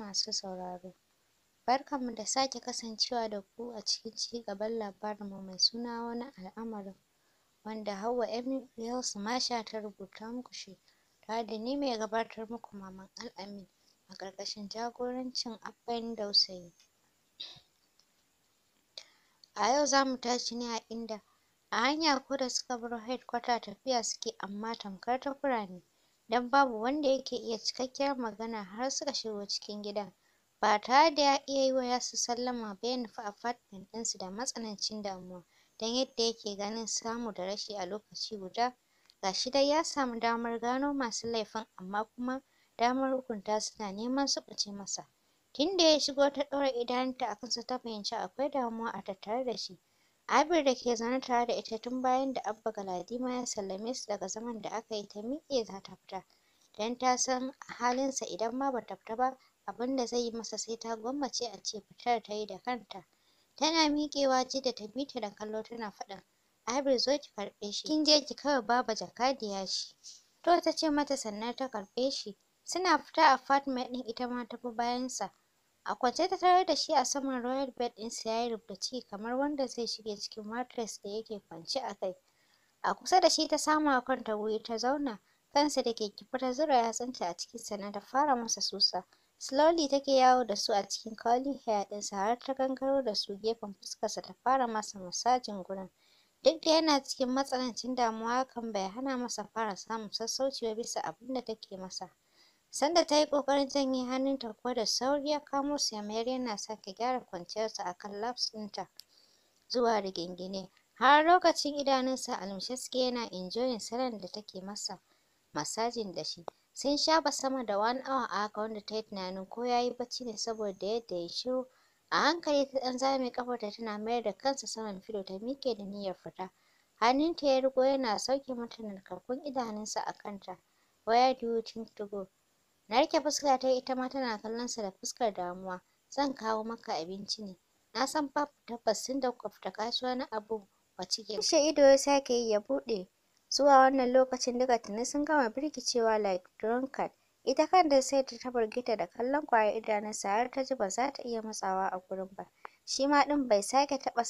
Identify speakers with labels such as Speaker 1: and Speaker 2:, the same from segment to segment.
Speaker 1: masu sauraro. Barkanmu da sake kasancewa da ku a cikin cigaban labarinmu mai suna wani al'amarin wanda Hauwa Emiles Masha ta rubuta muku shi tare da ni mai gabatar muku Maman Al'amin a ƙarƙashin jagorancin Abban Dausayi. A yau za mu tashi ne a inda a hanya ko da suka bar headquarter tafiya suke amma tamkar ta kurame. don babu wanda yake iya cikakkiyar magana har suka shigo cikin gidan. Ba tare da ya iya yi wa Yasir sallama ba ya nufi apartment ɗinsu da matsanancin damuwa don yadda yake ganin samu da rashi a lokaci guda. Ga shi dai ya samu damar gano masu laifin amma kuma damar hukunta su na neman su ɓace masa. Tunda ya shigo ta ɗora idanunta a kansa ta fahimci akwai damuwa a tattare da shi. Abir da ke zaune tare da ita tun bayan da Abba Galadima ya sallame su daga zaman da aka yi ta miƙe za ta fita. Don ta san halinsa idan ma ba fita ba abin da zai yi masa sai ta gwammace a ce fitar ta yi da kanta. Tana miƙewa Jidda ta bi ta da kallo tana faɗin Abir zo ki karɓe shi. Kin je ki kawai Baba Jakadiya shi. To ta ce mata sannan ta karɓe shi. Suna fita a apartment ɗin ita ma ta bi bayansa. A kwance ta tarar da shi a saman royal bed ɗinsa ya yi ciki kamar wanda zai shige cikin mattress da yake kwance a kai. A kusa da shi ta samu a kwanta wuri ta zauna, kansa da ke kifa ta zura a cikin na ta fara masa susa. Slowly take yawo da su a cikin curly hair ɗinsa har ta gangaro da su gefen fuskarsa ta fara masa masajin gurin. Duk da yana cikin matsanancin damuwa kan bai hana masa fara samun sassauci ba bisa abinda take masa. Sanda ta yi ƙoƙarin janye hannunta kuwa da sauri ya kamo su ya mayar yana sake gyara kwanciyarsa a kan laps ɗinta zuwa rigingine. Har lokacin idanunsa a suke yana enjoying salon da take masa masajin da shi. Sun shafa sama da one hour a haka wanda ta yi tunanin ko ya yi bacci ne saboda yadda ya shiru. A hankali ta ɗan zame ƙafarta tana mayar da kansa saman filo ta miƙe da niyyar fita. Hannunta ya riƙo yana sauke mata narkakkun idanunsa a kanta. Where do you think to go? na rike fuska ta ita ma tana kallon sa da fuskar damuwa zan kawo maka abinci ne na san babu tabbas sun da kwafta fita kasuwa na abu wace cikin kushe ido ya sake yi ya bude zuwa wannan lokacin duka tuni sun gama birkicewa like drunkard ita kanta sai da ta burgita da kallon kwayar idanunsa har ta ji ba za ta iya matsawa a gurin ba shi ma ɗin bai sake taɓa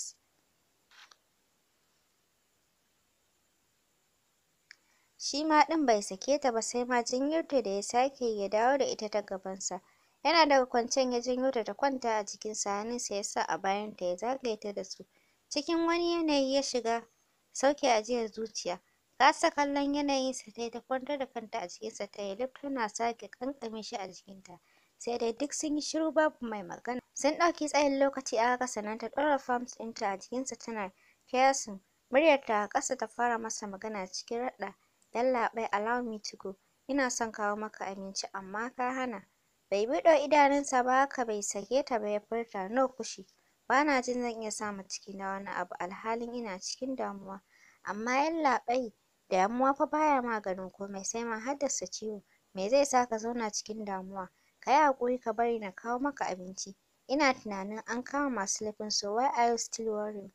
Speaker 1: shi ma ɗin bai sake ta ba sai ma jinyarta da ya sake ya dawo da ita ta gabansa yana daga kwancen ya janyo ta ta kwanta a jikinsa hannunsa ya sa a bayanta ya zagaye ta da su cikin wani yanayi ya shiga sauke ajiyar zuciya kasa kallon yanayinsa ta yi ta kwantar da kanta a jikinsa ta yi lif tana sake ƙanƙame shi a jikinta sai dai duk sun yi shiru babu mai magana sun ɗauki tsayin lokaci a haka sannan ta ɗora fams ɗinta a jikinsa tana kiyasin muryarta a ƙasa ta fara masa magana cikin raɗa Yallaɓai allow me to go. Ina son kawo maka abinci amma ka hana. Bai buɗe idanunsa ba haka bai sake ta ba ya furta no kushi. Ba na jin zan iya sa ma na wani abu alhalin ina cikin damuwa. Amma yallaɓai damuwa fa baya maganin komai sai ma haddasa ciwo. Me zai sa ka zauna cikin damuwa? Ka yi haƙuri ka bari na kawo maka abinci. Ina tunanin an kama masu laifin so why are you still worrying?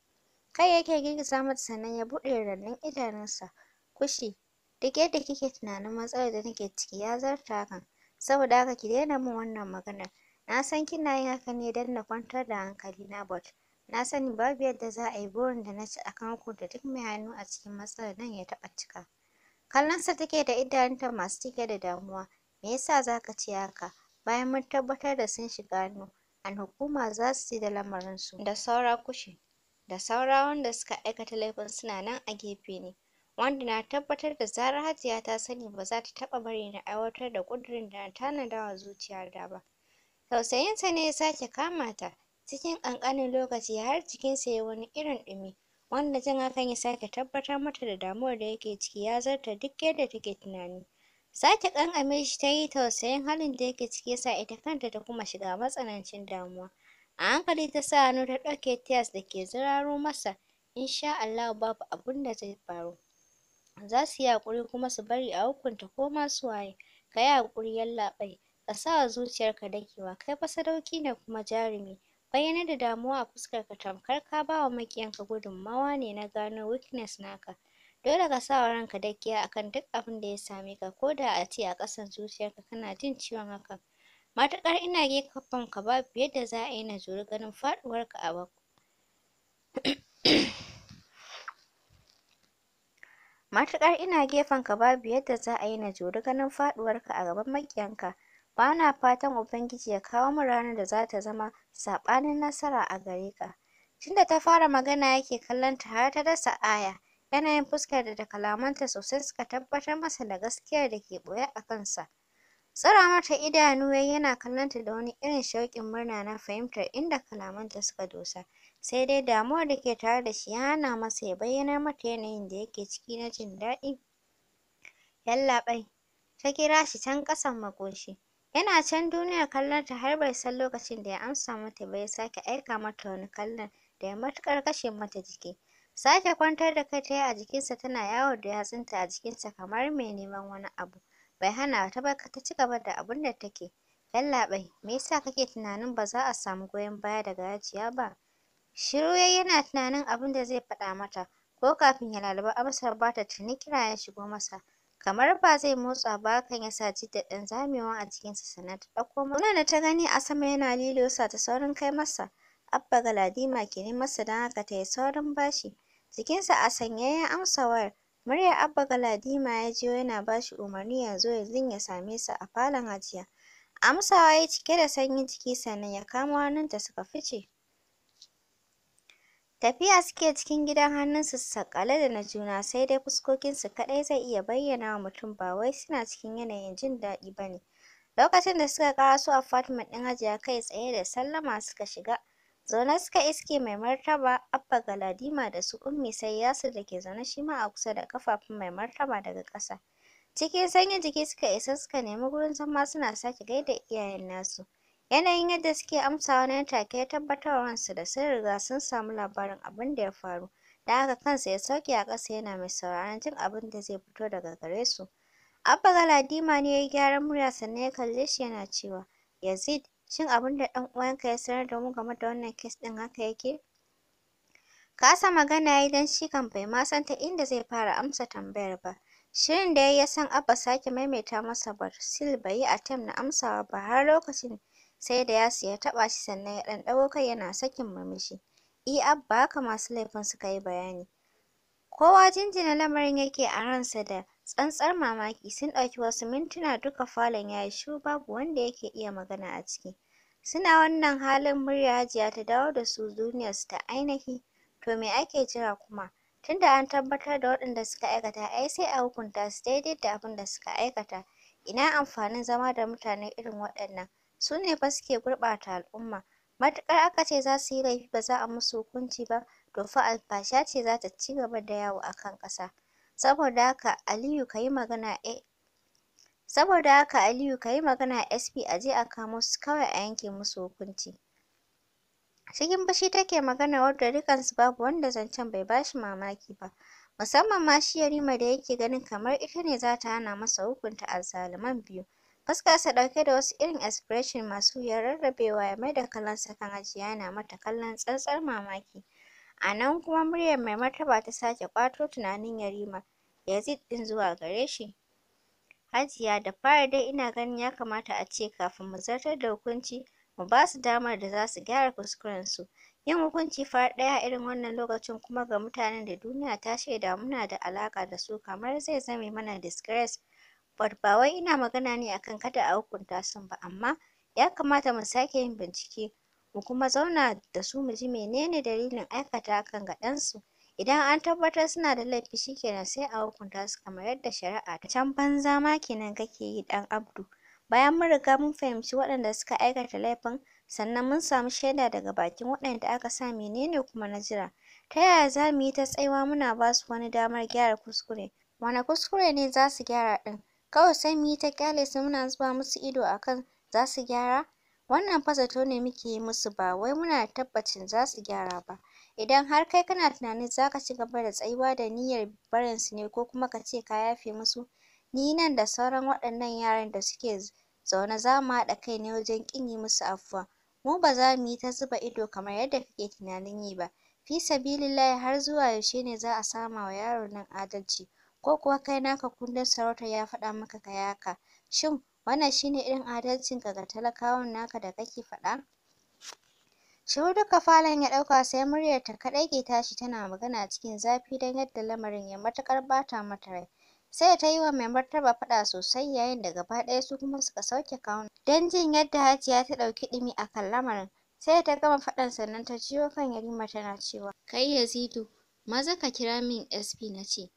Speaker 1: Kai yake girgiza mata sannan ya buɗe rannan idanunsa. Kushi Duk yadda kike tunanin matsalar da nake ciki ya zarta hakan. Saboda haka ki daina min wannan maganar. Na san kina yin haka ne don na kwantar da hankali na but na sani babu yadda za a yi burin da na ci a kanku da duk mai hannu a cikin matsalar nan ya taɓa cika. Kallonsa take da idanunta masu cike da damuwa. Me yasa za ka ce haka? Bayan mun tabbatar da sun shiga hannu, an hukuma za su ji da lamarinsu. Da saura kushi. Da saura wanda suka aikata laifin suna nan a gefe ne. wanda na tabbatar da zarar Hajiya ta sani ba za ta taɓa bari na aiwatar da ƙudurin da na tanada wa da ba. Tausayinsa ne ya sake kama ta, cikin ƙanƙanin lokaci har jikinsa ya wani irin ɗumi, wanda jin hakan ya sake tabbatar mata da damuwar da yake ciki ya zarta duk yadda take tunani. Sake ƙanƙame shi ta yi tausayin halin da yake ciki ya sa ita kanta ta kuma shiga matsanancin damuwa. A hankali ta sa hannu ta ɗauke tiyas da ke ziraro masa, insha Allahu babu abin da zai faru. za su yi haƙuri kuma su bari a hukunta ko ma su waye ka yi haƙuri yallaɓai ka sa wa zuciyarka dakewa kai fa sadauki ne kuma jarumi bayyana da damuwa a fuskarka tamkar ka ba wa maƙiyanka gudunmawa ne na gano weakness naka dole ka sa wa ranka dakiya akan duk abin da ya same ka ko da a ce a ƙasan zuciyarka kana jin ciwon hakan matuƙar ina gefen ka babu yadda za a yi na juri ganin faɗuwarka a Matuƙar ina gefenka babu yadda za a yi na juri ganin faɗuwarka a gaban maƙiyanka. Ba na fatan Ubangiji ya kawo mu ranar da za ta zama saɓanin nasara a gare ka. Tunda ta fara magana yake kallon ta har ta dasa aya. Yanayin fuskar da da kalamanta sosai suka tabbatar masa da gaskiyar da ke ɓoye a kansa. Tsira mata idanu yayi yana kallonta da wani irin shauƙin murna na fahimtar inda kalamanta suka dosa. sai dai damuwar da ke tare da shi ya hana masa ya bayyanar mata yanayin da yake ciki na jin daɗi yallaɓai ta kira shi can ƙasan maƙoshi yana can duniya kallon ta har bai san lokacin da ya amsa mata ba ya sake aika mata wani kallon da ya matuƙar kashe mata jiki sake kwantar da kai ta yi a jikinsa tana yawo da yatsunta a jikinsa kamar mai neman wani abu bai hana ta ba ta ci gaba da abin da take yallaɓai me yasa kake tunanin ba za a samu goyon baya daga Hajiya ba Shiru yayi yana tunanin abin da zai faɗa mata, ko kafin ya lalubi amsar bata ta tuni kira ya shigo masa. Kamar ba zai motsa ba hakan ya sa Jidda ɗan zamewa a sa sannan ta ɗauko da ta gani a sama yana lilo sa ta saurin kai masa. Abba Galadima ke masa don haka ta yi saurin bashi. Jikinsa a sanye ya amsa wayar. Muryar Abba Galadima ya jiyo yana bashi umarni ya zo yanzun ya same sa a falon Hajiya. Amsawa ya cike da sanyin jiki sannan ya kamo hannunta suka fice. Tafiya suke cikin gidan hannunsu sakale da na juna sai dai fuskokinsu kaɗai zai iya bayyana wa mutum ba wai suna cikin yanayin jin daɗi ba ne. Lokacin da suka ƙaraso apartment ɗin Hajiya kai tsaye da sallama suka shiga. Zaune suka iske mai martaba Abba Galadima da su Ummi sai Yasir da ke zaune shi ma a kusa da kafafun mai martaba daga ƙasa. Cikin sanyin jiki suka isa suka nemi gurin zama suna sake gaida iyayen nasu. Yanayin yadda suke amsawa nan take ya tabbatar wa wansa da sun riga sun samu labarin abin da ya faru, don haka kansa ya sauke a ƙasa yana mai sauraron jin abin da zai fito daga gare su. Abba Galadima ne ya yi gyaran murya sannan ya kalle shi yana cewa, Yazid, shin abin da ɗan uwanka ya sanar da mu game da wannan kes ɗin haka yake? Kasa magana ya yi don shi kan bai ma san ta inda zai fara amsa tambayar ba. Shirin da ya yi ya san Abba sake maimaita masa Barsil bai yi tam na amsawa ba har lokacin sai da Yasir ya taɓa shi sannan ya ɗan ɗago kai yana sakin murmushi. I Abba haka masu laifin suka yi bayani. Kowa jinjina lamarin yake a ransa da tsantsar mamaki sun ɗauki wasu mintuna duka falon ya yi shu babu wanda yake iya magana a ciki. Suna wannan halin murya Hajiya ta dawo da su duniyarsu ta ainihi. To me ake jira kuma? Tunda an tabbatar da waɗanda suka aikata ai sai a hukunta su daidai da abin da suka aikata. Ina amfanin zama da mutane irin waɗannan? su ne ba suke gurɓata al'umma matuƙar aka ce za su yi laifi ba za a musu hukunci ba to fa alfasha ce za ta ci gaba da yawo a kan ƙasa saboda haka Aliyu ka yi magana eh, saboda haka Aliyu ka yi magana SP a je a kamo su kawai a yanke musu hukunci cikin fushi take magana wadda dukansu babu wanda zancen bai ba shi mamaki ba musamman ma shi Yarima da yake ganin kamar ita ne za ta hana masa hukunta azzaluman biyu sa ɗauke da wasu irin expression masu wuyar rarrabewa ya maida kallonsa kan Hajiya yana mata kallon tsantsar mamaki. A nan kuma muryar Mai Martaba ta sake ƙwato tunanin Yarima Yazid ɗin zuwa gare shi. Hajiya da fara dai ina ganin ya kamata a ce kafin mu zartar da hukunci mu ba su damar da za su gyara kuskurensu. Yin hukunci farat ɗaya a irin wannan lokacin kuma ga mutanen da duniya ta shaida muna da alaƙa da su kamar zai zame mana disgrace But ba wai ina magana ne akan kada a hukunta su ba amma ya kamata mu sake yin bincike mu kuma zauna da su mu ji menene dalilin aikata hakan ga ɗansu. Idan an tabbatar suna da laifi shikenan sai a hukunta su kamar yadda shari'a ta can banza ma kenan kake yi ɗan Abdu. Bayan mun riga mun fahimci waɗanda suka aikata laifin sannan mun samu shaida daga bakin waɗanda aka sa menene kuma na jira. Ta yaya za mu yi ta tsayuwa muna ba su wani damar gyara kuskure? Wane kuskure ne za su gyara ɗin? Kawai sai mu yi ta kyale su muna zuba musu ido akan za su gyara. Wannan fa zato ne muke yi musu ba wai muna tabbacin za su gyara ba. Idan har kai kana tunanin za ka ci gaba da tsayuwa da niyyar barin su ne ko kuma ka ce ka yafe musu, ni nan da sauran waɗannan yaran da suke zaune za mu haɗa kai ne wajen ƙin yi musu afuwa. Mu ba za mu yi ta zuba ido kamar yadda kake tunanin yi ba. Fi sabilillahi har zuwa yaushe ne za a sama wa yaron nan adalci? ko kuwa kai naka kundin sarauta ya faɗa maka ka yaka shin wannan shine irin adalcin ka ga talakawan naka da kake faɗa shiru duka falon ya ɗauka sai muryarta kaɗai ke tashi tana magana cikin zafi don yadda lamarin ya matuƙar ɓata mata rai sai ta yi wa mai martaba faɗa sosai yayin da gaba ɗaya su kuma suka sauke kawun don jin yadda hajiya ta ɗauki ɗumi a kan lamarin sai ta gama faɗan sannan ta jiyo kan yarima tana cewa kai yazidu maza ka kira min sp na ce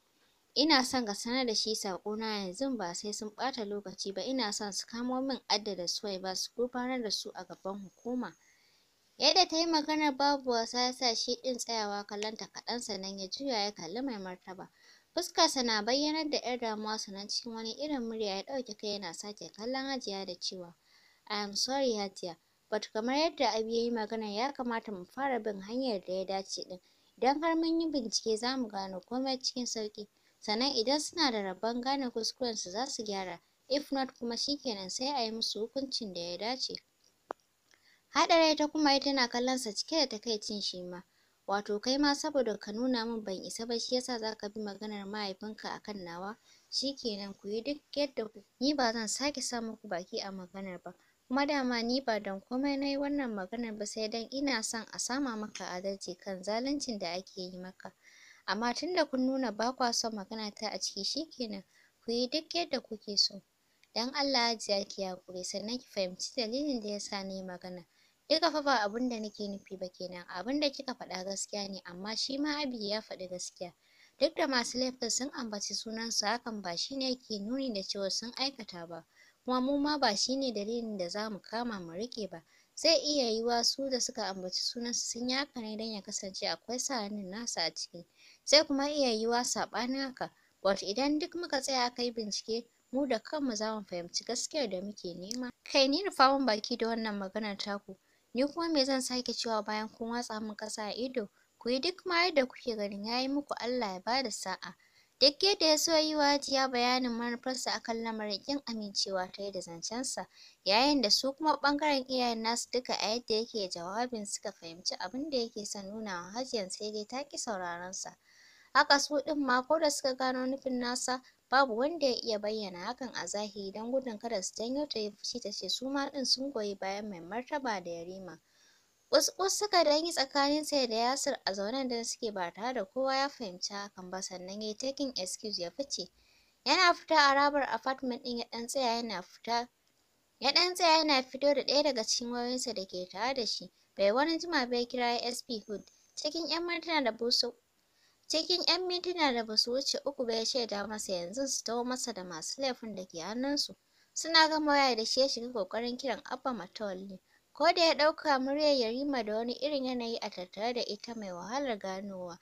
Speaker 1: Ina son ka sanar da shi na yanzu ba sai sun ɓata lokaci ba ina son su kamo min addada su ba su gurfanar da su a gaban hukuma. Yadda ta yi maganar babu wasa ya sa shi ɗin tsayawa kallonta kaɗan sannan ya juya ya kalli mai martaba. Fuskarsa na bayyanar da ‘yar damuwa sannan cikin wani irin murya ya ɗauke kai yana sake kallon Hajiya da cewa I am sorry Hajiya but kamar yadda Abi ya yi maganar ya kamata mu fara bin hanyar da ya dace din. Idan har mun yi bincike za mu gano komai cikin sauƙi. sannan idan suna da rabon gane kuskurensu za su gyara if not kuma shikenan sai a yi musu hukuncin da ya dace haɗara ta kuma yi tana kallon sa cike da takaicin shi ma wato kai ma saboda ka nuna min ban isa ba shi yasa za ka bi maganar mahaifinka akan nawa shikenan ku yi duk yadda ku ni ba zan sake sa muku baki a maganar ba kuma dama ni ba don komai na yi wannan maganar ba sai don ina son a sama maka adalci kan zaluncin da ake yi maka amma tunda kun nuna ba kwa son magana ta a ciki shi kenan ku yi duk yadda kuke so dan Allah ya ki haƙuri sannan ki fahimci dalilin da yasa ni magana duka fa ba abin da nake nufi ba kenan abin da kika faɗa gaskiya ne amma shi ma Abi ya faɗi gaskiya duk da masu laifin sun ambaci sunansu hakan ba shi ne ke nuni da cewa sun aikata ba kuma mu ma ba shi ne dalilin da za mu kama mu rike ba zai iya yiwuwa su da suka ambaci sunansu sun yi haka ne don ya kasance akwai sa nasu a ciki sai kuma iya yiwuwa saɓanin haka wato idan duk muka tsaya aka bincike mu da kanmu za mu fahimci gaskiyar da muke nema kai ni rufawan baki da wannan maganar taku ni kuma me zan sake cewa bayan kun watsa min ƙasa a ido ku yi duk ma yadda kuke ganin ya yi muku Allah ya bada sa'a duk yadda ya so yi wa ya bayanin manufarsa a kan lamarin ƙin amincewa ta yi da zancensa yayin da su kuma ɓangaren iyayen nasu duka a yadda yake jawabin suka fahimci abin da yake son nuna wa Hajiyan sai dai ta ƙi sauraron sa Haka su ɗin ma ko da suka gano nufin nasa babu wanda ya iya bayyana hakan a zahiri don gudun kada su janyo ta yi fushi ta ce su ma ɗin sun goyi bayan mai martaba da yarima. Kuskus suka yi tsakanin sai da Yasir a zaunen da suke ba tare da kowa ya fahimci hakan ba sannan ya yi taking excuse ya fice. Yana fita a rabar apartment ɗin ya ɗan tsaya yana fita ya ɗan tsaya yana fito da ɗaya daga cikin wayoyinsa da ke tare da shi. Bai wani jima kira ya kira SP Hood. Cikin 'yan mintuna da busu Cikin 'yan mintuna da basu wuce uku ba ya shaida masa yanzu su taho masa da masu laifin da ke hannunsu. Suna gama waya da shi ya shiga ƙoƙarin kiran Abba Matawalli. Ko da ya ɗauka muryar Yarima da wani irin yanayi a tattare da ita mai wahalar ganowa.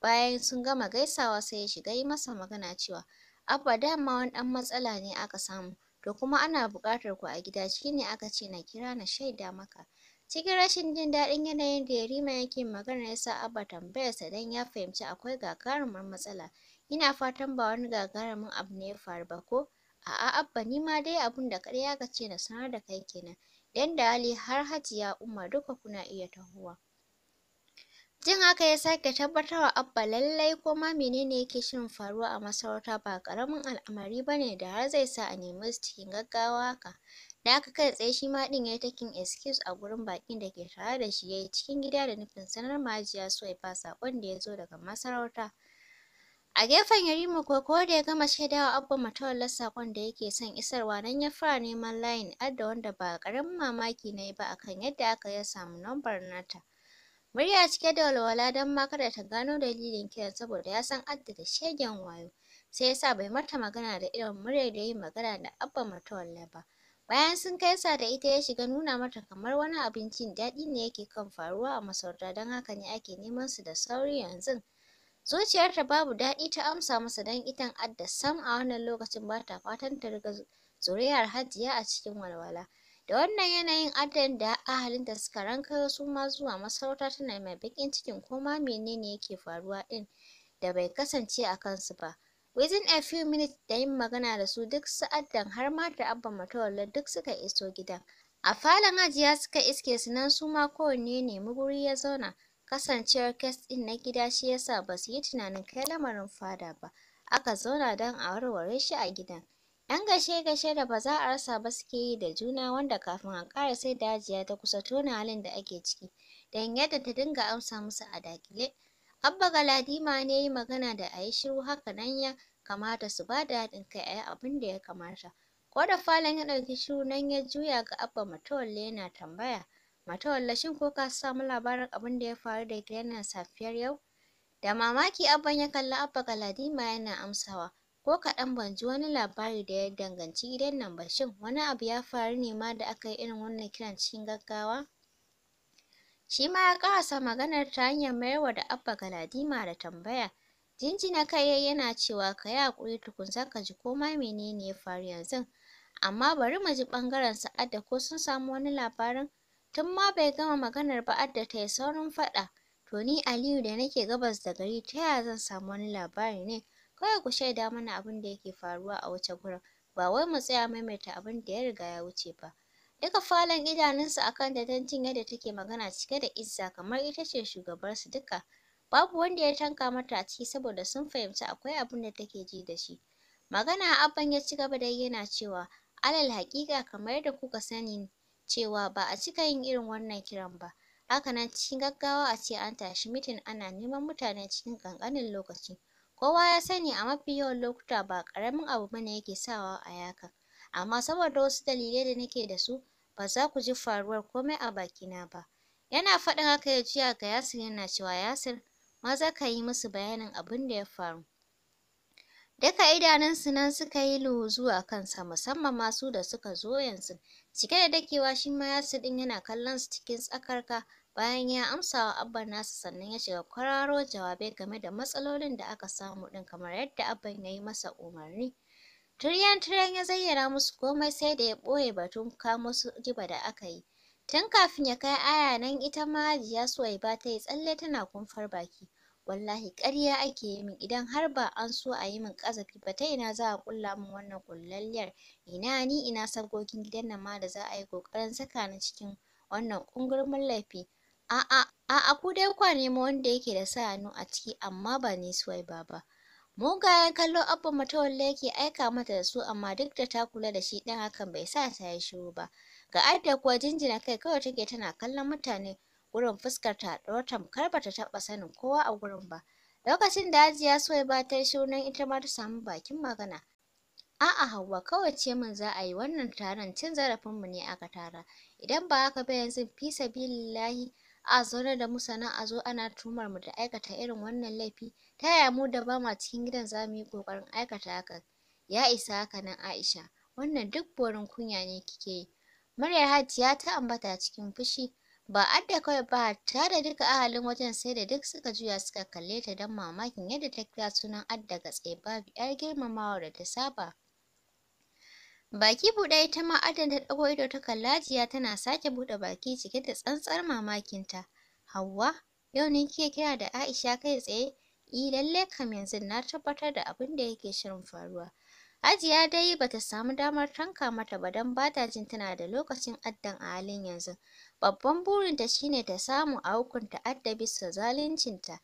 Speaker 1: Bayan sun gama gaisawa sai ya shiga yi masa magana cewa Abba dama wani ɗan matsala ne aka samu, to kuma ana buƙatar ku a gida shine aka ce na kira na shaida maka. Cikin rashin jin daɗin yanayin da Yarima yake magana ya sa Abba tambayarsa don ya fahimci akwai gagarumar matsala. Ina fatan ba wani gagarumin abu ne ya faru ba ko? A'a Abba ni ma dai abun da ƙarya ka ce na sanar da kai kenan. Dan da hali har Hajiya Umma duka kuna iya tahowa. Jin haka ya sake tabbatar wa Abba lallai ko ma menene yake shirin faruwa a masarauta ba ƙaramin al'amari ba ne da har zai sa a nemi su cikin gaggawa haka. Da aka kai tsaye shi ma ɗin ya yi taking excuse a gurin bakin da ke tare da shi yayi cikin gida da nufin sanar so ya Suwaifa saƙon da ya zo daga masarauta. A gefen Yarima ko ko da ya gama shaidawa Abba Matawallar sakon da yake son isarwa nan ya fara neman layin adda wanda ba karamin mamaki na yi ba akan yadda aka ya samu lambar nata. Murya cike da walwala dan ma kada ta gano dalilin kiran saboda ya san adda da shegen wayo. Sai ya sa bai mata magana da irin muryar da yayi magana da Abba Matawalla ba. Bayan sun kai sa da ita ya shiga nuna mata kamar wani abincin daɗi ne yake kan faruwa a masarauta don haka ne ake neman su da sauri yanzu. Zuciyarta babu daɗi ta amsa masa don itan adda sam a wannan lokacin ba ta fatan ta riga zuriyar Hajiya a cikin walwala. Da wannan yanayin addan da ahalinta suka rankayo su ma zuwa masarauta tana mai baƙin cikin ko ma menene yake faruwa ɗin da bai kasance a kansu ba. Within a few minutes da yin magana da su duk sa'addan har ma da Abba Matawalla duk suka iso gidan. A falon Hajiya suka iske su nan su ma kowanne nemi guri ya zauna. Kasancewar kes ɗin na gida shi yasa ba su yi tunanin kai lamarin fada ba. Aka zauna don a warware shi a gidan. ‘Yan gashe-gashe da ba za a rasa ba suke yi da juna wanda kafin a ƙara sai da ajiya ta kusa tona halin da ake ciki, Dan yadda ta dinga amsa musu a daƙile. Abba Galadima ne ya yi magana da a yi shiru haka nan ya kamata su ba da haɗin kai a yi abin da ya kamata. Ko da falon ya ɗauki shiru nan ya juya ga Abba Matawalle yana tambaya. Matawalle shin ko ka samu labarin abin da ya faru da Gideon safiyar yau? Da mamaki Abban ya kalli Abba Galadima yana amsawa. Ko kaɗan ban ji wani labari da ya danganci gidan nan ba shin wani abu ya faru ne ma da aka yi irin wannan kiran cikin gaggawa? Shi ma ya kasa maganar ta hanyar mayarwa da Abba Galadima da tambaya. Jinjina kai yayi yana cewa ka yi hakuri tukun za ka ji koma menene ya faru yanzu. Amma bari mu ji ɓangaren Sa'adda ko sun samu wani labarin. Tun ma bai gama maganar ba Adda ta yi saurin faɗa. To ni Aliyu da nake gabas da gari ta yaya zan samu wani labari ne? Kawai ku shaida mana abin da yake faruwa a wace gurin. Ba wai mu tsaya maimaita abin da ya riga ya wuce ba. Ɗaga falon idanunsa a kanta don jin yadda take magana cike da izza kamar ita ce shugabarsu duka. Babu wanda ya tanka mata a ciki saboda sun fahimci akwai abin da take ji da shi. Magana Abban ya ci gaba da yana cewa alal haƙiƙa kamar yadda kuka sani cewa ba a cika yin irin wannan kiran ba. Haka nan cikin gaggawa a ce an tashi mitin ana neman mutane cikin ƙanƙanin lokaci. Kowa ya sani a mafi yawan lokuta ba ƙaramin abu bane yake sawa a yaka. Amma saboda wasu dalilai da nake da su ba za ku ji faruwar komai a bakina ba. Yana faɗin haka ya juya ga Yasir yana cewa Yasir maza ka yi musu bayanin abin da ya faru. Duka idanunsu nan suka yi luhuzu a kansa musamman masu da suka zo yanzu. Cike da dakewa shi ma Yasir ɗin yana kallon su cikin tsakarka bayan ya amsa wa abban nasa sannan ya shiga kwararo jawabai game da matsalolin da aka samu ɗin kamar yadda abban ya yi masa umarni. Turyan-turyan ya zayyana musu komai sai da ya ɓoye batun kamo su giba da aka yi. Tun kafin ya kai aya nan ita ma Hajiya Suwaiba ta yi tsalle tana kumfar baki. Wallahi ƙarya ake yi min idan har ba an so a yi min ƙazafi ba ta ina za a ƙulla min wannan ƙullalliyar ina ni ina sabgogin gidan nan ma da za a yi ƙoƙarin saka ni cikin wannan ƙungurmin laifi. A'a, a'a ku dai kwa nemo wanda yake da sa hannu a ciki amma ba ni Suwaiba ba. Mugayen kallo abba matawalle yake aika mata da su amma duk da ta kula da shi ɗin hakan bai sa ta yi shiru ba. Ga adda kuwa jinjina kai kawai take tana kallon mutane gurin fuskar ta wata tamkar bata taɓa sanin kowa a gurin ba. Lokacin da Hajiya Suwaiba ta yi shiru nan ita ma ta samu bakin magana. A'a Hauwa kawai ce min za a yi wannan taron cin zarafinmu ne aka tara. Idan ba haka ba yanzu fi sabilillahi a zaunar da mu sannan a zo ana tuhumar mu da aikata irin wannan laifi ta yaya mu da ba ma cikin gidan za mu yi ƙoƙarin aikata hakan ya isa haka nan Aisha wannan duk borin kunya ne kike yi muryar Hajiya ta ambata cikin fushi ba adda kawai ba hatta da duka ahalin wajen sai da duk suka juya suka kalle ta don mamakin yadda ta kira sunan adda ga babu 'yar girmamawa da ta saba Baki buɗe ta ma ta ɗago ido ta kallajiya tana sake buɗe baki cike da tsantsar mamakinta. Hauwa, yau ne kike kira da Aisha kai tsaye? I lalle kam yanzu na tabbatar da abin da yake shirin faruwa. Ajiya dai ba ta samu damar tanka mata ba don bata jin tana da lokacin addan a halin yanzu. Babban burinta shine ta samu a hukunta adda bisa zaluncinta.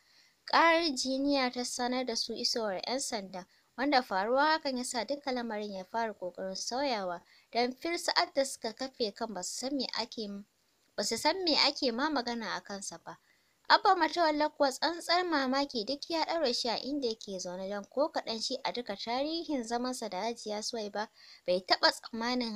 Speaker 1: Ƙarar jiniya ta sanar da su isowar 'yan sanda. wanda faruwa hakan ya sa duka lamarin ya fara kokarin sauyawa don fir sa'ad da suka kafe kan ba su san me ake ma magana a kansa ba abba matawalla tsantsar mamaki duk ya ɗaura shi a inda yake zaune don ko kaɗan shi a duka tarihin zamansa da hajiya ba bai taɓa tsammanin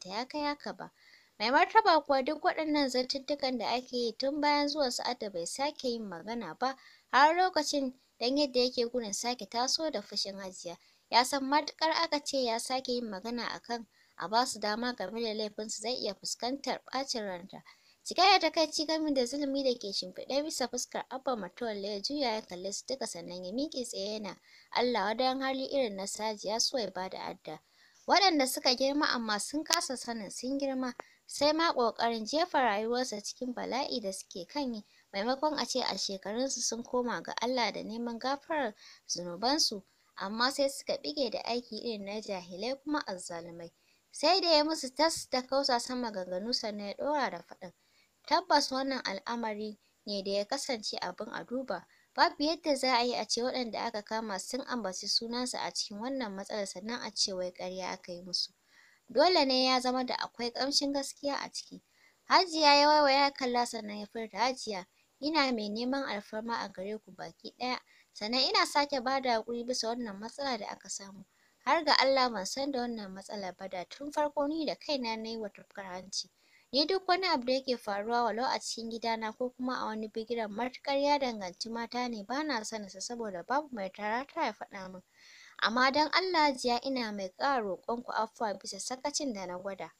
Speaker 1: ta ya kai haka ba Mai martaba kuwa duk waɗannan zartuttukan da ake yi tun bayan zuwa Sa'ad da bai sake yin magana ba har lokacin don yadda yake gudun sake taso da fushin hajiya ya san matukar aka ce ya sake yin magana akan a ba su dama game da laifinsu zai iya fuskantar ɓacin ranta cike da takaici gami da zulumi da ke shimfiɗe bisa fuskar abba matuwalle ya juya ya kalli su duka sannan ya miƙe tsaye yana allah wadan hali irin na sajiya suwai ba da adda waɗanda suka girma amma sun kasa sanin sun girma sai ma ƙoƙarin jefa rayuwarsa cikin bala'i da suke kan yi maimakon a ce a shekarunsu sun koma ga Allah da neman gafarar zunubansu amma sai suka bige da aiki irin na jahilai kuma azzalumai sai da ya musu tas da sama maganganu sannan ya dora da faɗin tabbas wannan al'amari ne da ya kasance abin a duba babu yadda za a yi a ce waɗanda aka kama sun ambaci sunansa a cikin wannan matsalar sannan a ce wai ƙarya aka yi musu dole ne ya zama da akwai ƙamshin gaskiya a ciki Hajiya ya waiwaya ya kalla sannan ya furta Hajiya ina mai neman alfarma a gare ku baki ɗaya sannan ina sake ba da haƙuri bisa wannan matsala da aka samu har ga Allah ban san da wannan matsala ba da tun farko ni da kaina na yi wa tafkar hanci ni duk wani abu da yake faruwa walau a cikin gidana ko kuma a wani bigiren matuƙar ya danganci mata ne ba na saninsa saboda babu mai tara ta ya faɗa min amma don Allah jiya ina mai ƙara roƙonku afuwa bisa sakacin da na gwada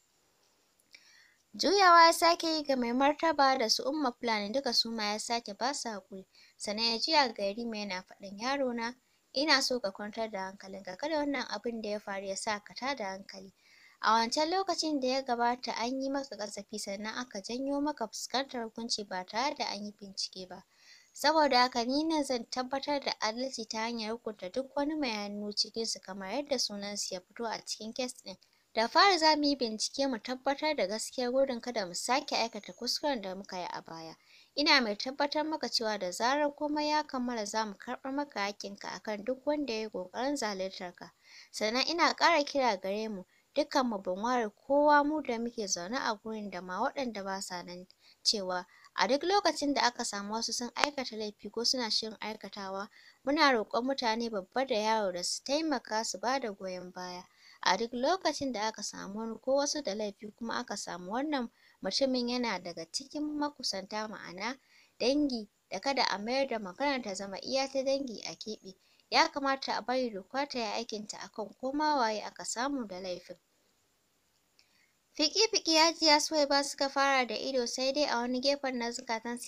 Speaker 1: Juyawa ya sake yi ga mai martaba da su umma Fulani duka su ma ya sake ba su haƙuri. Sannan ya jiya ga Yarima yana faɗin yaro na ina so ka kwantar da hankalin Ka kada wannan abin da ya faru ya sa ka ta da hankali. A wancan lokacin da ya gabata an yi maka kasafi sannan aka janyo maka fuskantar hukunci ba tare da an yi bincike ba. Saboda haka ni nan zan tabbatar da adalci ta hanyar hukunta duk wani mai hannu cikinsu kamar yadda sunansu ya fito a cikin kes ɗin. Da fara za mu yi bincike mu tabbatar da gaskiyar gurin kada mu sake aikata kuskuren da muka yi a baya. Ina mai tabbatar maka cewa da zarar komai ya kammala za mu karɓar maka a akan duk wanda ya yi ƙoƙarin zaluntar ka. Sannan ina ƙara kira gare mu dukkan mu ban ware kowa mu da muke zaune a gurin da ma waɗanda ba sa nan cewa a duk lokacin da aka samu wasu sun aikata laifi ko suna shirin aikatawa muna roƙon mutane babba da yaro da su taimaka su ba da goyon baya. a duk lokacin da aka samu wani ko wasu da laifi kuma aka samu wannan mutumin yana daga cikin makusanta ma'ana dangi da kada a mayar da maganar ta zama iya ta dangi a keɓe ya kamata a bari doka ta yi aikinta akan koma waye aka samu da laifin Fiki-fiki yajiya Suwaiba suka fara da ido sai dai a wani gefen na su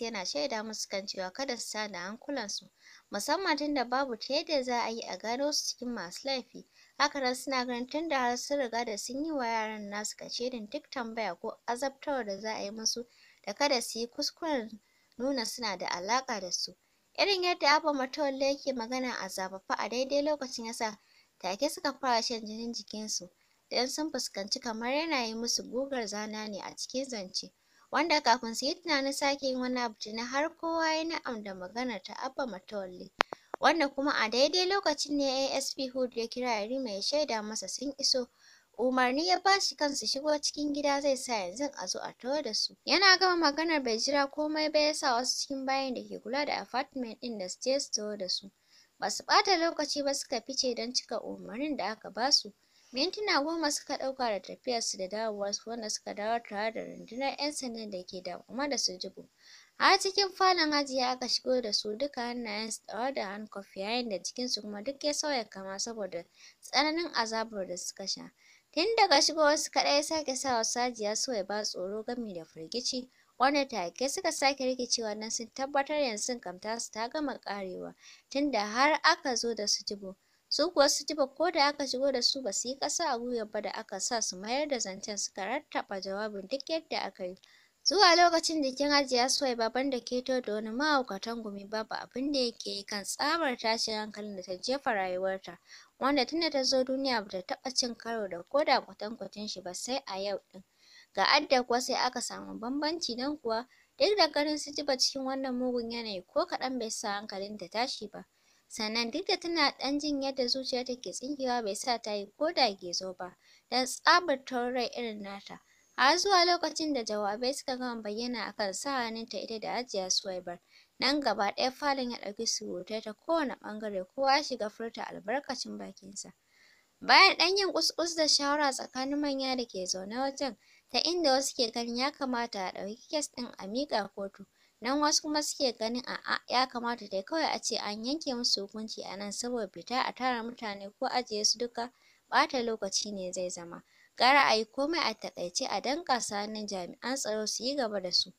Speaker 1: yana shaida musu kan cewa kada su sa da hankulansu, musamman tunda babu ta yadda za a yi a gano su cikin masu laifi. haka nan suna ganin tunda har sun riga da sun yi wa yaran nasu kacedin duk tambaya ko azabtarwa da za a yi musu da kada su yi kuskuren nuna suna da alaƙa da su irin yadda abba matawalle yake magana a zafafa a daidai lokacin yasa take suka fara shan jinin jikinsu don sun fuskanci kamar yana yi musu gugar zana ne a cikin zance wanda kafin su yi tunanin sake yin wani abu tuni har kowa ya na'am da maganar ta Abba Matawalle. wanda kuma a daidai lokacin ne ASP Hood ya kira Yarima ya shaida masa sun iso. Umarni ya ba shi kansu shigo cikin gida zai sa yanzu a zo a tawo da su. Yana gama maganar bai jira komai ba ya sa wasu cikin bayan da ke kula da apartment ɗin da su je su tawo da su. Ba su ɓata lokaci ba suka fice don cika umarnin da aka ba su. Mintuna goma suka ɗauka da tafiyarsu da dawowarsu wanda suka dawo tare da rundunar 'yan sandan da ke da kuma da su jibo. A cikin falon ya aka shigo da su duka su ɗaure da handcuff yayin da jikinsu kuma duk ya sauya kama saboda tsananin azabar da suka sha. Tun daga wasu kaɗai ya sake sa wa ya Suwaiba ba tsoro gami da firgici, wanda take suka sake rikicewa nan sun tabbatar yanzu kamta su ta gama tun tunda har aka zo da su jibo. Su kuwa su jibo ko da aka shigo da su ba su yi ƙasa a gwiwa ba da aka sa su mayar da zancen suka rattaba jawabin duk yadda aka yi. Zuwa lokacin jikin Hajiya Suwaiba banda keto da wani mahaukatan gumi babu abin da yake yi kan tsabar tashin hankalin da ta jefa rayuwarta, wanda tunda ta zo duniya bata taɓa cin karo da koda kwatankwacin shi ba sai a yau ɗin. Ga Adda kuwa sai aka samu bambanci don kuwa duk da ganin su ba cikin wannan mugun yanayi ko kaɗan bai sa hankalin ta tashi ba. Sannan duk da tana ɗan jin yadda zuciyarta ke tsinkewa bai sa ta yi ko da gezo ba, don tsabar taurin rai irin nata. har zuwa lokacin da jawabai suka gama bayyana a kan ta ita da Hajiya Suwaibar. Nan gaba ɗaya falon ya ɗauki surutai ta kowane ɓangare kowa ya shiga furta albarkacin bakinsa. Bayan ɗan yin ƙusƙus da shawara tsakanin manya da ke zaune wajen, ta inda wasu ke ganin ya kamata a ɗauki kes ɗin a miƙa kotu, nan wasu kuma suke ganin a'a ya kamata dai kawai a ce an yanke musu hukunci a nan saboda fita a tara mutane ko ajiye su duka ɓata lokaci ne zai zama. Gara a yi komai a takaice a danƙa sanin jami'an tsaro su yi gaba da su.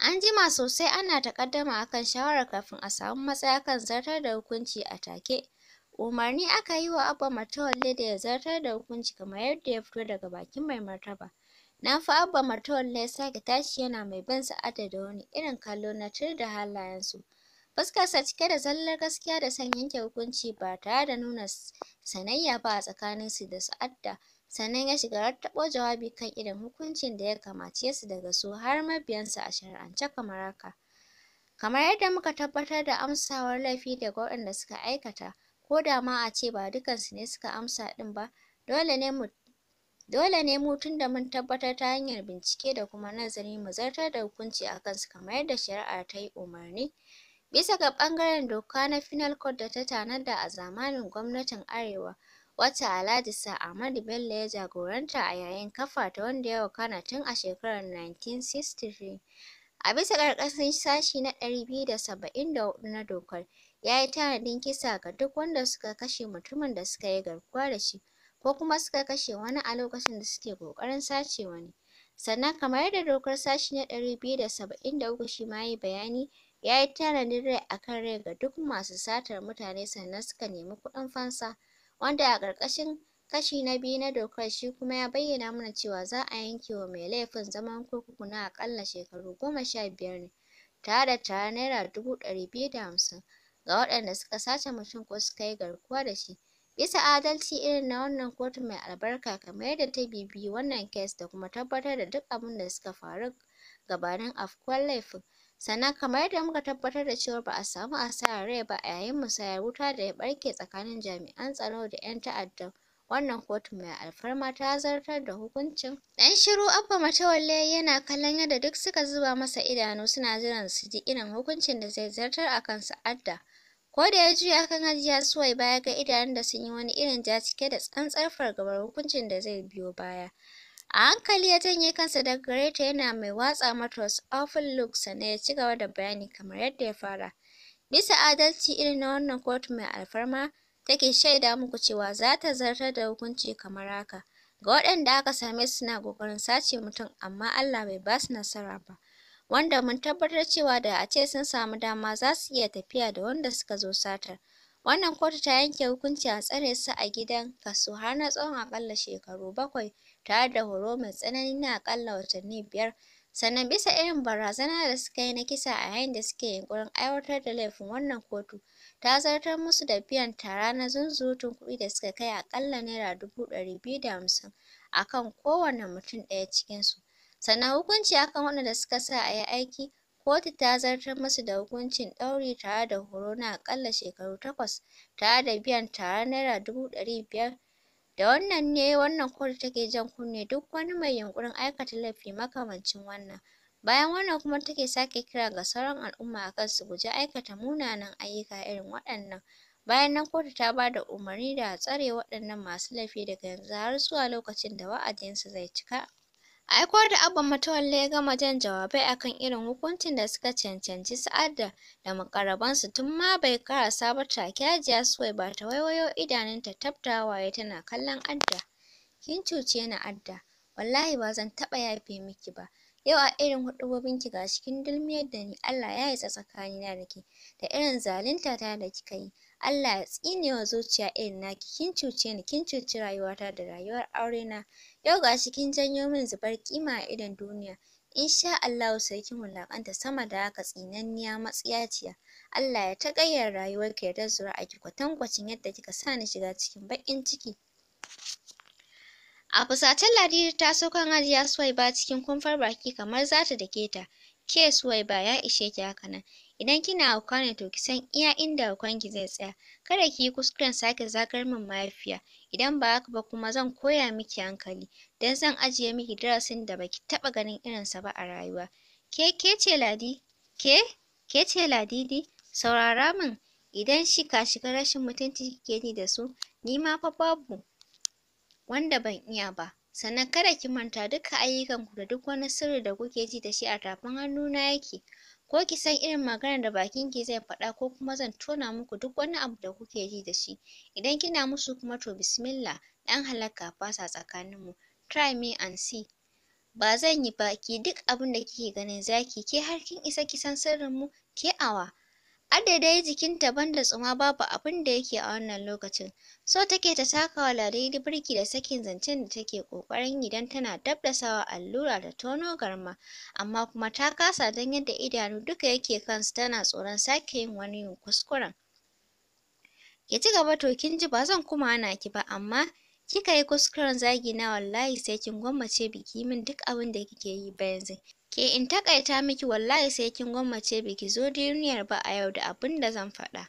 Speaker 1: An jima sosai ana takaddama akan shawarar kafin a samu matsaya kan zartar da hukunci a take. Umarni aka yi wa Abba Matawalle da ya zartar da hukunci kamar yadda ya fito daga bakin mai martaba. Na fi Abba Matawalle ya sake tashi yana mai bin Sa'ada da wani irin kallo na tir da halayensu. fuskarsa cike da zallar gaskiya da son yanke hukunci ba tare da nuna sanayya ba a tsakanin su da Sa'adda. Sannan ya shiga rattaɓo jawabi kan irin hukuncin da ya kamace su daga su har mabiyansa a shari'ance kamar haka. Kamar yadda muka tabbatar da amsawar laifi daga waɗanda suka aikata, ko da ma a ce ba dukansu ne suka amsa ɗin ba, dole ne mu Dole ne mu tunda mun tabbatar ta hanyar bincike da kuma nazari mu zartar da hukunci a kansu kamar yadda shari'a ta yi umarni. Bisa ga ɓangaren doka na Penal Code da ta tanada a zamanin gwamnatin Arewa, wacce Alhaji Sir Ahmadu Bello ya jagoranta a yayin kafa ta wanda ya wakana tun a shekarar 1963. A bisa ƙarƙashin sashi na 274 na dokar, ya yi tanadin kisa ga duk wanda suka kashe mutumin da suka yi garkuwa da shi ko kuma suka kashe wani a lokacin da suke ƙoƙarin sace wani. Sannan kamar yadda dokar sashi na 273 shi ma ya yi bayani, ya yi tanadin rai a kan rai ga duk masu satar mutane sannan suka nemi kuɗin fansa wanda a ƙarƙashin kashi na biyu na dokar shi kuma ya bayyana mana cewa za a yanke wa mai laifin zaman kurkuku na aƙalla shekaru goma sha biyar ne tare da tara naira dubu ɗari biyu da hamsin ga waɗanda suka sace mutum ko suka yi garkuwa da shi bisa adalci irin na wannan kotu mai albarka kamar yadda ta bibiyi wannan kes da kuma tabbatar da duk abin da suka faru gabanin afkuwar laifin sannan kamar yadda muka tabbatar da cewa ba a samu asarar rai ba a yayin musayar wuta da ya ɓarke tsakanin jami'an tsaro da 'yan ta'adda wannan kotu mai alfarma ta zartar da hukuncin ɗan shiru abba matawalle yana kallon yadda duk suka zuba masa idanu suna jiran su ji irin hukuncin da zai zartar a kan adda, ko da ya juya kan hajiya suwai baya ga idanun da sun yi wani irin ja cike da tsantsar fargabar hukuncin da zai biyo baya A hankali ya janye kansa daga gare ta yana mai watsa mata wasu awful looks sannan ya ci gaba da bayani kamar yadda ya fara. Bisa adalci irin na wannan kotu mai alfarma take shaida muku cewa za ta zartar da hukunci kamar haka. Ga waɗanda aka same su suna ƙoƙarin sace mutum amma Allah bai ba su nasara ba. Wanda mun tabbatar cewa da a ce sun samu dama za su iya tafiya da wanda suka zo satar. Wannan kotu ta yanke hukunci a tsare su a gidan kaso har na tsawon akalla shekaru bakwai tare da horo mai tsanani na aƙalla watanni biyar sannan bisa irin barazana da suka yi na kisa a yayin da suke yunƙurin aiwatar da laifin wannan kotu ta zartar musu da biyan tara na zunzurutun kuɗi da suka kai aƙalla naira dubu ɗari biyu da hamsin a kan kowane mutum ɗaya cikin su sannan hukunci akan waɗanda suka sa a yi aiki kotu ta zartar musu da hukuncin ɗauri tare da horo na aƙalla shekaru takwas tare da biyan tara naira dubu ɗari biyar Da wannan ne wannan kotu take jan kunne duk wani mai yunƙurin aikata laifi makamancin wannan. Bayan wannan kuma take sake kira ga sauran al'umma akan su guji aikata munanan ayyuka irin waɗannan. Bayan nan kotu ta ba da umarni da a tsare waɗannan masu laifi daga yanzu har zuwa lokacin da wa'adinsu zai cika. A da Abba Matawalle ya gama jan jawabai akan irin hukuncin da suka cancanci Sa'adda da makarabansu tun ma bai kara ba take Hajiya Suwaiba ta waiwayo idanunta tab da tana kallon Adda. Kin cuce ni Adda, wallahi ba zan taɓa yafe miki ba. Yau a irin huɗubobinki ga cikin kin dulmiyar da ni, Allah ya isa tsakanina da ke da irin zalunta ta da kika yi. Allah ya tsine wa zuciya irin naki kin cuce ni kin cuci rayuwata da rayuwar aurena yau gashi kin janyo min zubar kima a idon duniya insha Allahu sai kin sama da haka tsinanniya matsiyaciya Allah ya ta gayyar rayuwarki ya zura a ki kwatankwacin yadda kika sa ni shiga cikin baƙin ciki a fusacen Ladidi ta so kan suwai Suwaiba cikin kumfar baki kamar zata da dake ta ke Suwaiba ya ishe ki haka nan Idan kina kwana to ki san iya inda kwanki zai tsaya. Kada ki yi kuskuren sake zagar min mahaifiya. Idan ba haka ba kuma zan koya miki hankali, dan zan ajiye miki darasin da baki taɓa ganin irinsa ba a rayuwa. Ke ke ce Ladi? Ke? Ke ce Ladidi? Saurara min, idan shika shiga rashin mutunci kike ji da su, ni ma fa babu wanda ban iya ba. Sannan kada ki manta duka ayyukanku da duk wani sirri da kuke ji da shi a tafin hannuna yake. ko ki san irin maganar da bakin ki zai faɗa ko kuma zan tona muku duk wani abu da kuke ji da shi idan kina musu kuma to bismillah ɗan halakka fasa tsakanin mu try me and see ba zan yi ba duk abin da kike ganin zaki ke har kin isa kisan san sirrin mu ke awa Adadai jikinta da tsuma babu abin da yake a wannan lokacin. So take ta taka wa Ladidi birki da sakin zancen da take ƙoƙarin yi don tana dab da sawa allura da tono garma, amma kuma ta kasa don yadda idanu duka yake kansu tana tsoron sake yin wani yin kuskuren. Ki ci gaba to kin ji ba zan kuma hana ki ba amma kika yi kuskuren zagi na wallahi sai kin gwammace biki min duk abin da kike yi ba yanzu. Ke in takaita miki wallahi sai kin gwammace biki zo duniyar ba a yau da abin da zan faɗa.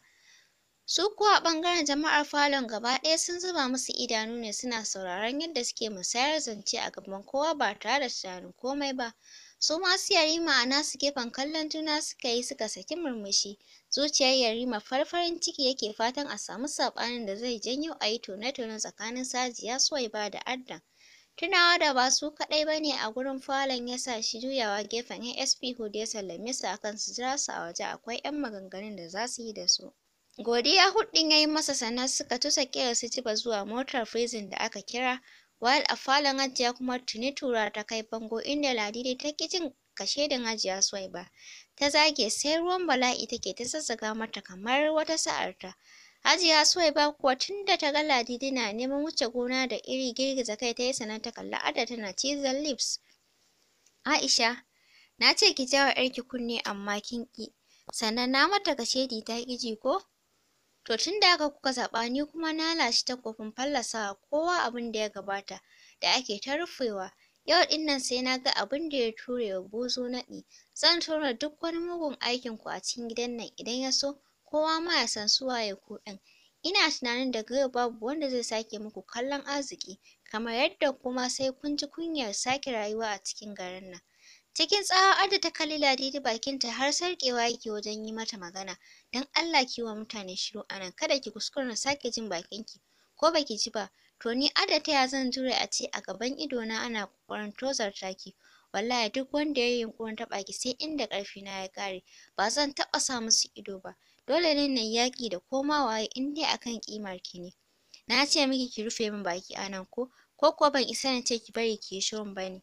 Speaker 1: Su kuwa ɓangaren jama'ar falon gaba ɗaya sun zuba musu idanu ne suna sauraron yadda suke musayar zance a gaban kowa ba tare da tunanin komai ba. Su masu yarima a su gefen kallon juna suka yi suka saki murmushi. Zuciyar yarima farfarin ciki yake fatan a samu saɓanin da zai janyo a yi tone-tone tsakanin Sajiya suwai ba da adda. Tunawa da ba su kaɗai ba ne a gurin falon ya sa shi juyawa gefen 'yan SP Hood ya sallame su akan su jira su a waje akwai 'yan maganganun da za su yi da su. Godiya huɗin ya yi masa sannan suka tusa kera su jiba zuwa motar prison da aka kira, while a falon ajiya kuma tuni tura ta kai bango inda Ladidi ta ƙi jin kashedin Hajiya ba Ta zage sai ruwan bala'i take ta sassaka mata kamar wata sa'arta. Hajiya Suwaiba kuwa tun da ta ga Ladidi na neman wuce gona da iri girgiza kai ta yi sannan ta kalli Ada tana cizon lips. Aisha, na ce ki jawo ‘yarki kunne amma kin ki. sannan na mata kashedi ta kiji ko? To tun da haka kuka zaɓa ni kuma na lashe kofin fallasawa kowa abin da ya gabata da ake ta rufewa. Yau ɗin nan sai na ga abin da ya ture wa bozo naɗi. Zan tura duk wani mugun aikin ku a cikin gidan nan idan ya so kowa ma ya san su waye ku ɗin. Ina tunanin daga yau babu wanda zai sake muku kallon arziki kamar yadda kuma sai kun ji kunyar sake rayuwa a cikin garin nan. Cikin tsawa Adda ta kalli Ladidi bakinta har sarƙewa yake wajen yi mata magana. Don Allah ki wa mutane shiru a nan kada ki kuskura na sake jin bakin ki ko baki ji ba. To ni Adda ta ya zan jure a ce a gaban idona ana ƙoƙarin tozarta ki. Wallahi duk wanda ya yi yunƙurin taɓa ki sai inda ƙarfina ya ƙare ba zan taɓa sa musu ido ba. Dole ne na yi yaƙi da koma waye in dai akan ƙimar ki ne. Na ce miki ki rufe min baki anan nan ko, ko kuwa ban isa na ce ki bari ki yi shirin ba ne.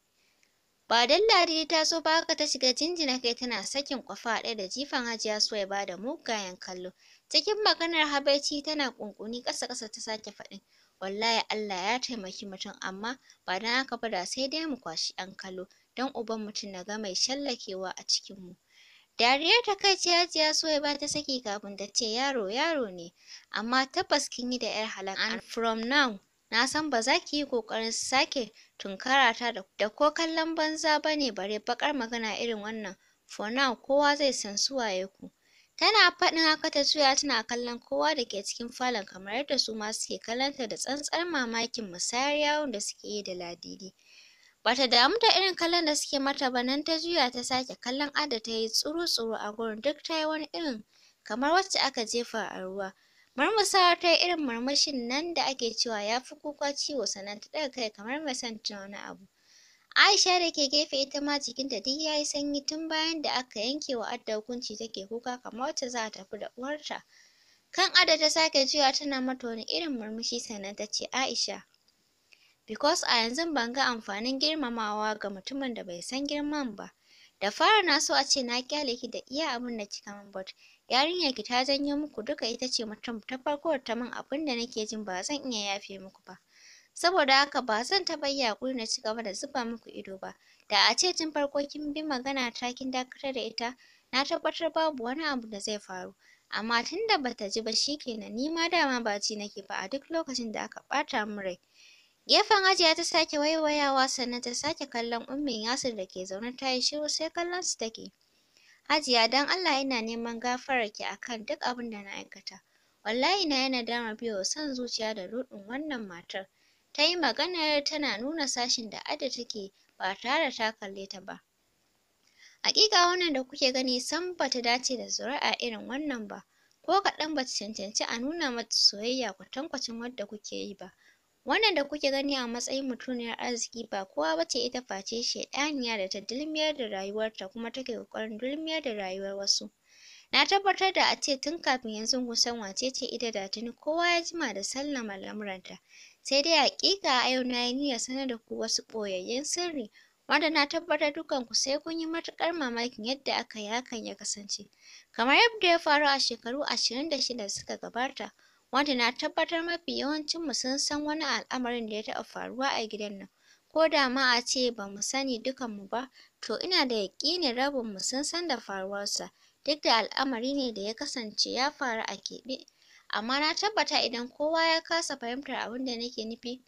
Speaker 1: Ba don Ladi ta so ba haka ta shiga jinjina kai tana sakin kwafa ɗaya da jifan Hajiya ba da mugayen kallo. Cikin maganar habaici tana ƙunƙuni ƙasa-ƙasa ta sake faɗin. wallahi Allah ya taimaki mutum amma ba don haka ba da sai dai mu kwashi ƴan kallo don uban mutum na ga mai shallakewa a cikinmu Dariyar takaici Hajiya Suwaiba ta saki kafin ta ce yaro yaro ne, amma tabbas kin yi da 'yar halak. An from now, na san ba za ki yi ƙoƙarin sake tunkara ta da ko kallon banza ba ne bare baƙar magana irin wannan. For now, kowa zai san su waye ku. Tana faɗin haka ta juya tana kallon kowa da ke cikin falon kamar yadda su ma suke kallonta da tsantsar mamakin musayar yawon da suke yi da ladidi. Bata damu da irin kallon da suke mata ba nan ta juya ta sake kallon Ada ta yi tsuru-tsuru a gurin duk ta yi wani irin kamar wacce aka jefa a ruwa. Murmusawa ta yi irin murmushin nan da ake cewa ya fi kuka ciwo sannan ta ɗaga kai kamar mai son tuna wani abu. Aisha da ke gefe ita ma jikinta duk ya yi sanyi tun bayan da aka yanke wa Adda hukunci take kuka kamar wacce za ta tafi da uwarta. Kan Ada ta sake juya tana mata wani irin murmushi sannan ta ce Aisha because a yanzu ban ga amfanin girmamawa ga mutumin da bai san girman ba da fara na so a ce na kyale ki da iya abin da kika min but yarinyar ki ta janyo muku duka ita ce mutum ta farko ta min abin da nake jin ba zan iya yafe muku ba saboda haka ba zan taɓa yi haƙuri na ci gaba da zuba muku ido ba da a ce tun farko kin bi magana ta kin dakatar da ita na tabbatar babu wani abu da zai faru amma tunda bata ji ba shikenan ni ma dama ba ci nake ba a duk lokacin da aka ɓata min rai Gefen Hajiya ta sake waiwayawa sannan ta sake kallon Ummin Yasir da ke zaune ta yi shiru sai kallon su take. Hajiya dan Allah ina neman gafararki akan duk abin da na aikata. Wallahi na yana dama biyo son zuciya da ruɗin wannan matar. Ta yi maganar tana nuna sashin da Ada take ba tare ta kalle ta ba. Haƙiƙa wannan da kuke gani sam ba ta dace da zuri'a irin wannan ba, ko kaɗan ba ta cancanci a nuna mata soyayya kwatankwacin wadda kuke yi ba, Wannan da kuke gani a matsayin mutuniyar arziki ba kowa bace ita face shaidaniya da ta dulmiyar da rayuwarta kuma take ƙoƙarin dulmiyar da rayuwar wasu. Na tabbatar da ace tun kafin yanzu kun san wacece ita da tuni kowa ya jima da sallama lamuranta. Sai dai haƙiƙa a yau na niyyar sanar da ku wasu ɓoyayyun sirri wanda na tabbatar dukanku sai kun yi matuƙar mamakin yadda aka yi hakan ya kasance. Kamar yadda ya faru a shekaru ashirin da shida da suka gabata wanda na tabbatar mafi yawancinmu sun san wani al'amarin da ya taɓa faruwa a gidan nan. Ko da ma a ce ba mu sani mu ba, to ina da yaƙinin rabinmu sun san da faruwarsa, duk da al'amari ne da ya kasance ya faru a keɓe. Amma na tabbata idan kowa ya kasa fahimtar abin da nake nufi,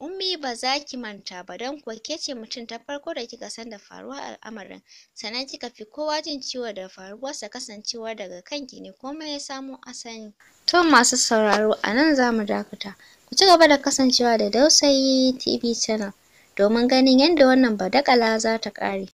Speaker 1: Ummi ba za ki manta ba don kuwa ke ce mutum ta farko da kika san da faruwa al'amarin, sannan kika fi kowa jin ciwo da faruwarsa kasancewa daga kanki ne kuma ya samo asani To masu sauraro a nan za mu dakata. Ku ci gaba da kasancewa da Dausayi TV Channel domin ganin yadda wannan badaƙala za ta ƙare.